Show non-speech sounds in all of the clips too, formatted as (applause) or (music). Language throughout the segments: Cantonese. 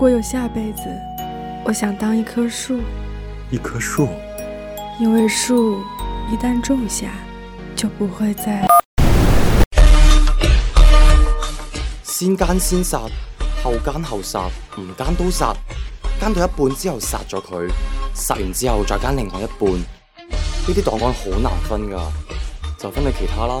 如果有下輩子，我想當一棵樹。一棵樹，因為樹一旦種下，就不會再。先奸先殺，後奸後殺，唔奸都殺，奸到一半之後殺咗佢，殺完之後再奸另外一半。呢啲檔案好難分㗎，就分畀其他啦。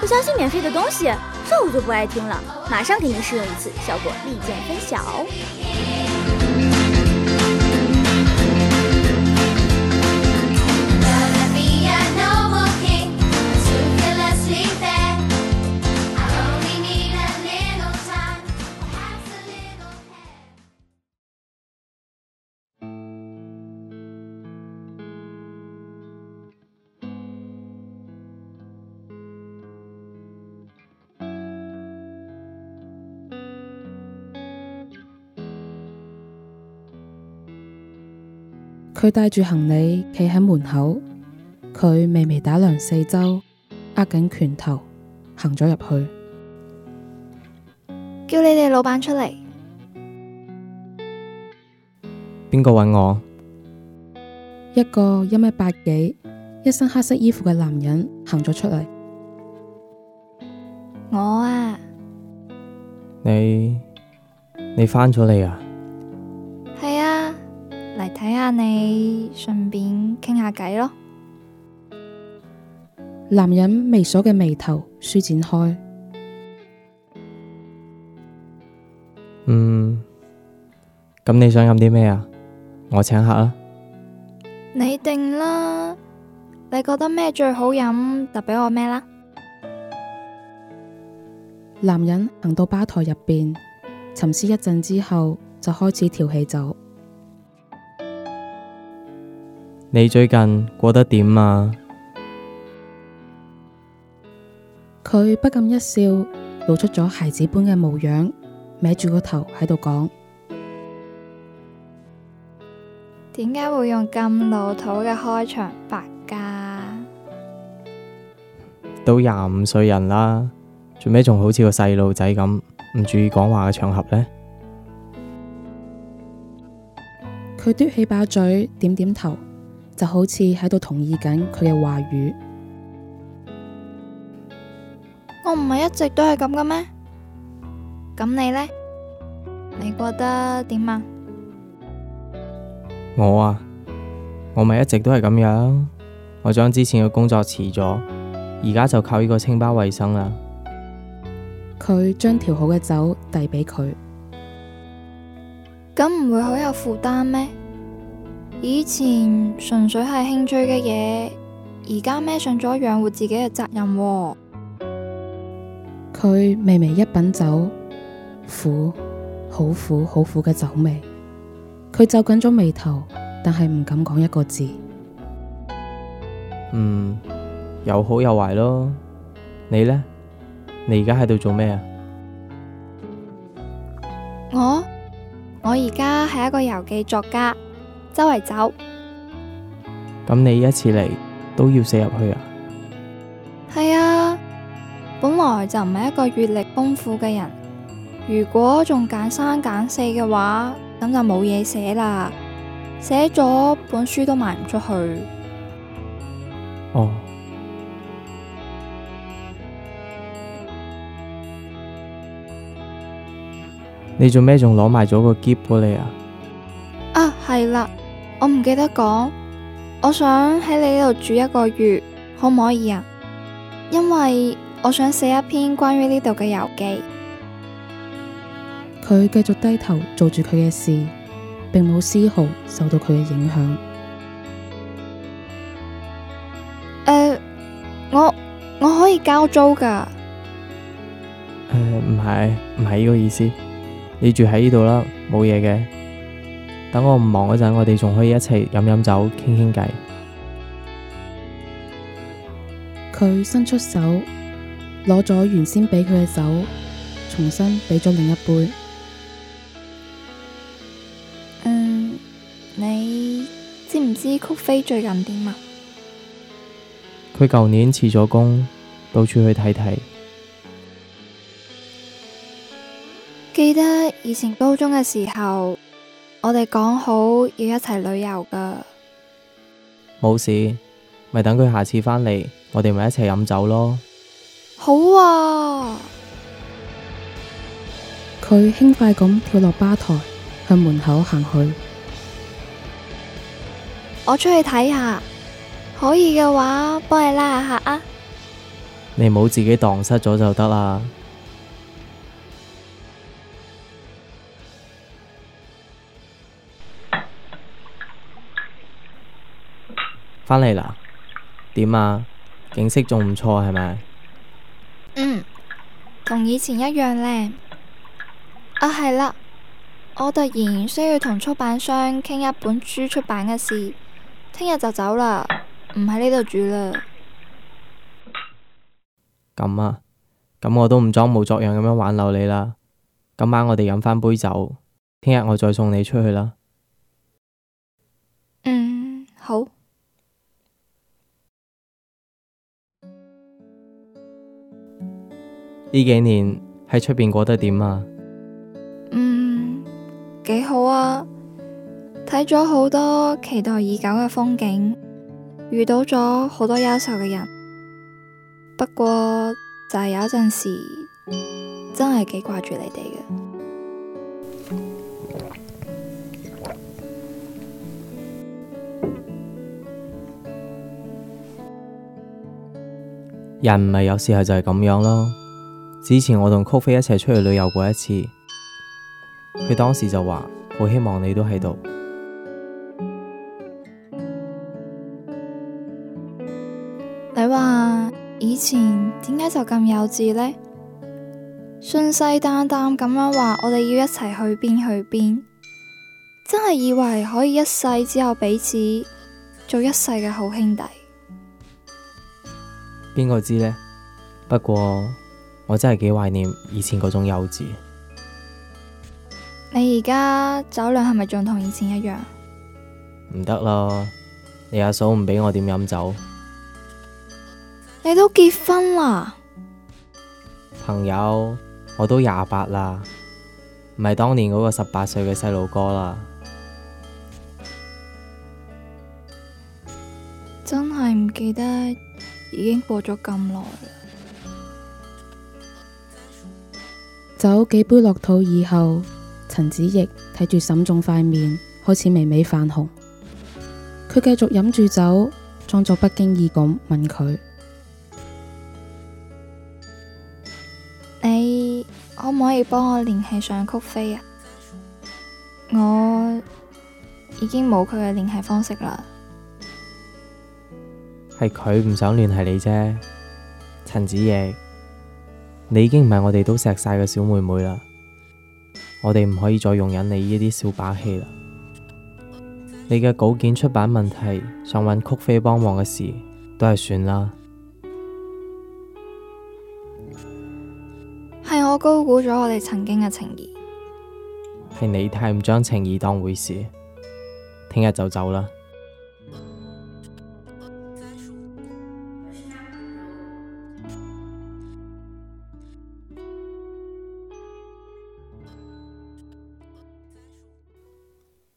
不相信免費的東西，這我就不愛聽了。馬上給你試用一次，效果立見分曉。佢帶住行李企喺門口，佢微微打量四周，握緊拳頭，行咗入去。叫你哋老闆出嚟。邊個揾我？一個一米八幾、一身黑色衣服嘅男人行咗出嚟。我啊，你你返咗嚟啊？睇下你，順便傾下偈咯。男人微鎖嘅眉頭舒展開。嗯，咁你想飲啲咩啊？我請客啊。你定啦，你覺得咩最好飲？就畀我咩啦。男人行到吧台入邊，沉思一陣之後，就開始調起酒。你最近過得點啊？佢不禁一笑，露出咗孩子般嘅模樣，歪住個頭喺度講：點解會用咁老土嘅開場白噶？都廿五歲人啦，做咩仲好似個細路仔咁，唔注意講話嘅場合呢？佢嘟起把嘴，點點頭。就好似喺度同意緊佢嘅話語。我唔係一直都係咁嘅咩？咁你呢？你覺得點啊？我啊，我咪一直都係咁樣。我將之前嘅工作辭咗，而家就靠呢個清吧衛生啦。佢將調好嘅酒遞畀佢。咁唔會好有負擔咩？以前純粹係興趣嘅嘢，而家孭上咗養活自己嘅責任喎。佢微微一品酒，苦，好苦好苦嘅酒味。佢皺緊咗眉頭，但係唔敢講一個字。嗯，有好有壞咯。你呢？你而家喺度做咩啊？我，我而家係一個遊記作家。周圍走，咁你一次嚟都要寫入去啊？係啊，本來就唔係一個閱歷豐富嘅人，如果仲揀三揀四嘅話，咁就冇嘢寫啦，寫咗本書都賣唔出去。哦， (music) 你做咩仲攞埋咗個篋過嚟啊？啊，係啦、啊。我唔記得講，我想喺你呢度住一個月，可唔可以啊？因為我想寫一篇關於呢度嘅遊記。佢繼續低頭做住佢嘅事，並冇絲毫受到佢嘅影響。誒、呃，我我可以交租噶。誒，唔係唔係呢個意思，你住喺呢度啦，冇嘢嘅。等我唔忙嗰陣，我哋仲可以一齊飲飲酒、傾傾偈。佢伸出手，攞咗原先俾佢嘅酒，重新俾咗另一杯。嗯，你知唔知曲飛最近點啊？佢舊年辭咗工，到處去睇睇。記得以前高中嘅時候。我哋講好要一齊旅遊噶，冇事，咪等佢下次返嚟，我哋咪一齊飲酒咯。好啊！佢輕快咁跳落吧台，向門口行去。我出去睇下，可以嘅話，幫你拉下客啊！你冇自己蕩失咗就得啦。返嚟啦，點啊？景色仲唔錯係咪？嗯，同以前一樣呢。啊係啦，我突然需要同出版商傾一本書出版嘅事，聽日就走啦，唔喺呢度住啦。咁啊，咁我都唔裝模作樣咁樣挽留你啦。今晚我哋飲返杯酒，聽日我再送你出去啦。嗯，好。呢幾年喺出邊過得點啊？嗯，幾好啊！睇咗好多期待已久嘅風景，遇到咗好多優秀嘅人。不過就係有一陣時，真係幾掛住你哋嘅。人咪有時候就係咁樣咯。之前我同 Coffee 一齊出去旅遊過一次，佢當時就話好希望你都喺度。你話以前點解就咁幼稚呢？信誓旦旦咁樣話，我哋要一齊去邊去邊，真係以為可以一世只有彼此，做一世嘅好兄弟。邊個知呢？不過。我真係幾懷念以前嗰種幼稚。你而家酒量係咪仲同以前一樣？唔得咯，你阿嫂唔俾我點飲酒。你都結婚啦，朋友，我都廿八啦，唔係當年嗰個十八歲嘅細路哥啦。真係唔記得，已經過咗咁耐酒幾杯落肚以後，陳子毅睇住沈仲塊面開始微微泛紅。佢繼續飲住酒，裝作不經意咁問佢：你可唔可以幫我聯繫上曲飛啊？我已經冇佢嘅聯繫方式啦。係佢唔想聯繫你啫，陳子毅。你已經唔係我哋都錫晒嘅小妹妹啦，我哋唔可以再容忍你呢啲小把戲啦。你嘅稿件出版問題，想搵曲飛幫忙嘅事，都係算啦。係我高估咗我哋曾經嘅情誼，係你太唔將情誼當回事。聽日就走啦。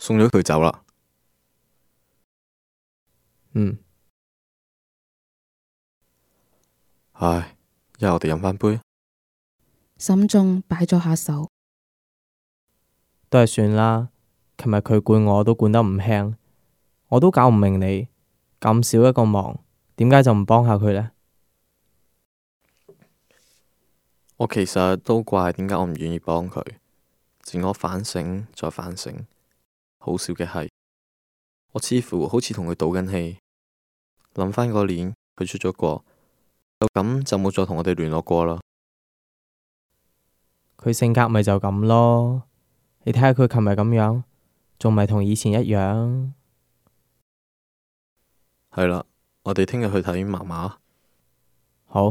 送咗佢走啦。嗯，唉，又我哋飲翻杯。沈仲擺咗下手，都係算啦。琴日佢管我都管得唔輕，我都搞唔明你咁少一個忙，點解就唔幫下佢呢？我其實都怪點解我唔願意幫佢，自我反省再反省。好笑嘅係，我似乎好似同佢賭緊氣。諗翻個年，佢出咗國，就咁就冇再同我哋聯絡過啦。佢性格咪就咁咯，你睇下佢琴日咁樣，仲咪同以前一樣。係啦，我哋聽日去睇嫲嫲。好，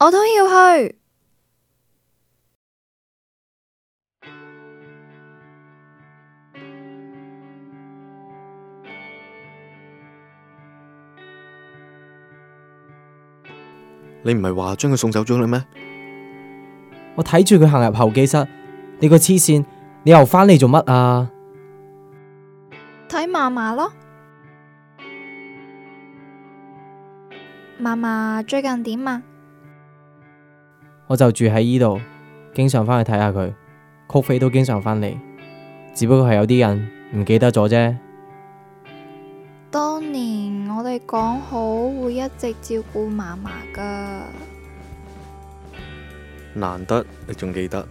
我都要去。你唔係話將佢送走咗啦咩？我睇住佢行入候機室，你個黐線，你又翻嚟做乜啊？睇嫲嫲咯，嫲嫲最近點啊？我就住喺呢度，經常翻去睇下佢，coffee 都經常翻嚟，只不過係有啲人唔記得咗啫。當年。係講好會一直照顧嫲嫲噶，難得你仲記得。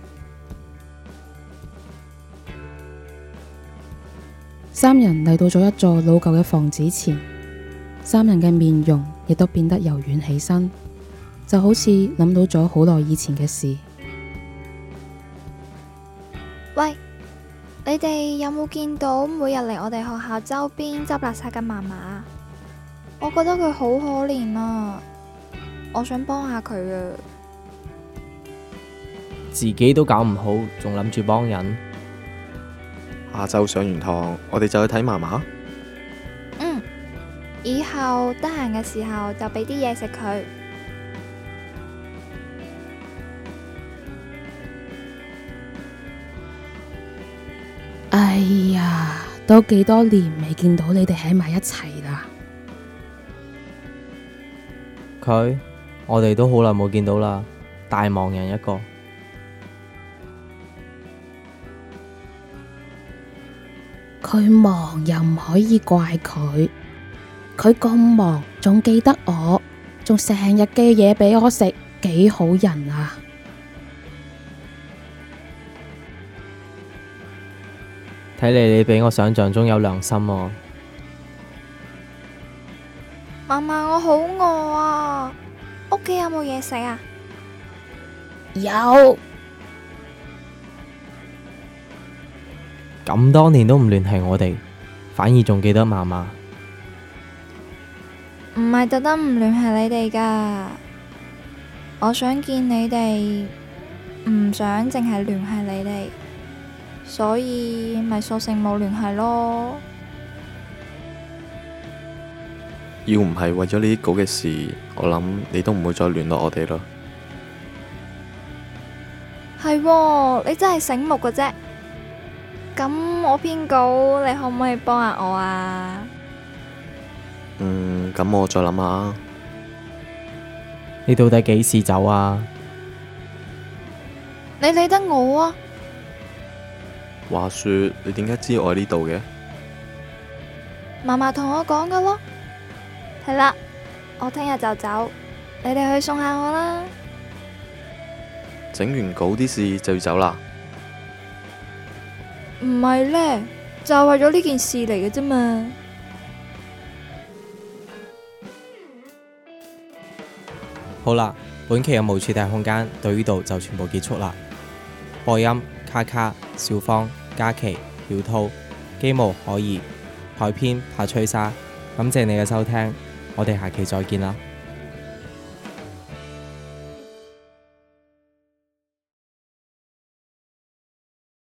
三人嚟到咗一座老舊嘅房子前，三人嘅面容亦都變得柔軟起身，就好似諗到咗好耐以前嘅事。喂，你哋有冇見到每日嚟我哋學校周邊執垃圾嘅嫲嫲啊？我覺得佢好可憐啊！我想幫下佢啊！自己都搞唔好，仲諗住幫人。下晝上完堂，我哋就去睇嫲嫲。嗯，以後得閒嘅時候就俾啲嘢食佢。哎呀，都幾多年未見到你哋喺埋一齊。佢，我哋都好耐冇見到啦，大忙人一個。佢忙又唔可以怪佢，佢咁忙，仲記得我，仲成日寄嘢畀我食，幾好人啊！睇嚟你比我想象中有良心哦。唔係，我好餓啊，屋企有冇嘢食啊？有。咁多年都唔聯繫我哋，反而仲記得嫲嫲。唔係特登唔聯繫你哋㗎，我想見你哋，唔想淨係聯繫你哋，所以咪索性冇聯繫咯。要唔係為咗呢啲稿嘅事，我諗你都唔會再聯絡我哋咯。係喎，你真係醒目㗎啫。咁我編稿，你可唔可以幫下我啊？嗯，咁我再諗下。你到底幾時走啊？你理得我啊？話說，你點解知我喺呢度嘅？嫲嫲同我講㗎咯。係啦，我聽日就走，你哋去送下我啦。整完稿啲事就要走啦。唔係咧，就是，為咗呢件事嚟嘅啫嘛。好啦，本期嘅無主題空間到呢度就全部結束啦。播音：卡卡、小方、嘉琪、曉濤、機務、可一、採編：怕吹沙。感謝你嘅收聽。我哋下期再見啦！